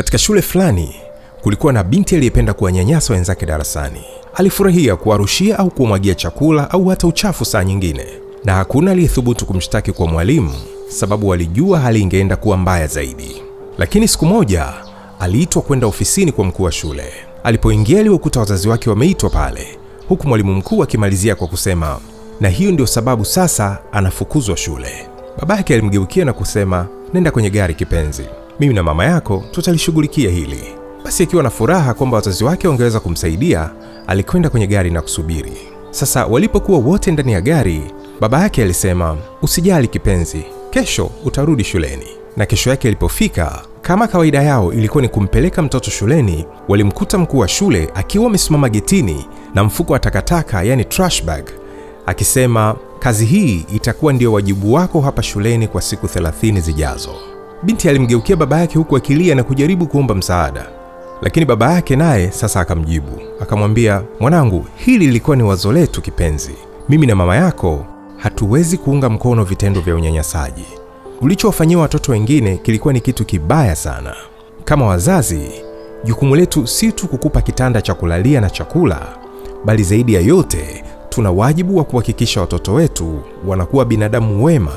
Katika shule fulani kulikuwa na binti aliyependa kuwanyanyasa wenzake darasani. Alifurahia kuwarushia au kuwamwagia chakula au hata uchafu saa nyingine, na hakuna aliyethubutu kumshtaki kwa mwalimu, sababu walijua hali ingeenda kuwa mbaya zaidi. Lakini siku moja aliitwa kwenda ofisini kwa mkuu wa shule. Alipoingia aliwakuta wazazi wake wameitwa pale, huku mwalimu mkuu akimalizia kwa kusema, na hiyo ndio sababu sasa anafukuzwa shule. Babake alimgeukia na kusema, nenda kwenye gari kipenzi mimi na mama yako tutalishughulikia hili. Basi akiwa na furaha kwamba wazazi wake wangeweza kumsaidia, alikwenda kwenye gari na kusubiri. Sasa walipokuwa wote ndani ya gari, baba yake alisema, usijali kipenzi, kesho utarudi shuleni. Na kesho yake ilipofika, kama kawaida yao ilikuwa ni kumpeleka mtoto shuleni, walimkuta mkuu wa shule akiwa amesimama getini na mfuko wa takataka, yani trash bag, akisema, kazi hii itakuwa ndio wajibu wako hapa shuleni kwa siku 30 zijazo. Binti alimgeukia baba yake huku akilia na kujaribu kuomba msaada, lakini baba yake naye sasa akamjibu akamwambia, mwanangu, hili lilikuwa ni wazo letu kipenzi. Mimi na mama yako hatuwezi kuunga mkono vitendo vya unyanyasaji. Ulichowafanyia watoto wengine kilikuwa ni kitu kibaya sana. Kama wazazi, jukumu letu si tu kukupa kitanda cha kulalia na chakula, bali zaidi ya yote tuna wajibu wa kuhakikisha watoto wetu wanakuwa binadamu wema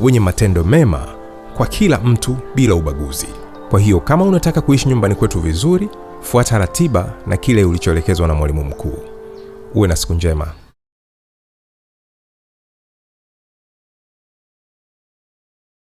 wenye matendo mema kwa kila mtu bila ubaguzi. Kwa hiyo kama unataka kuishi nyumbani kwetu vizuri, fuata ratiba na kile ulichoelekezwa na mwalimu mkuu. Uwe na siku njema.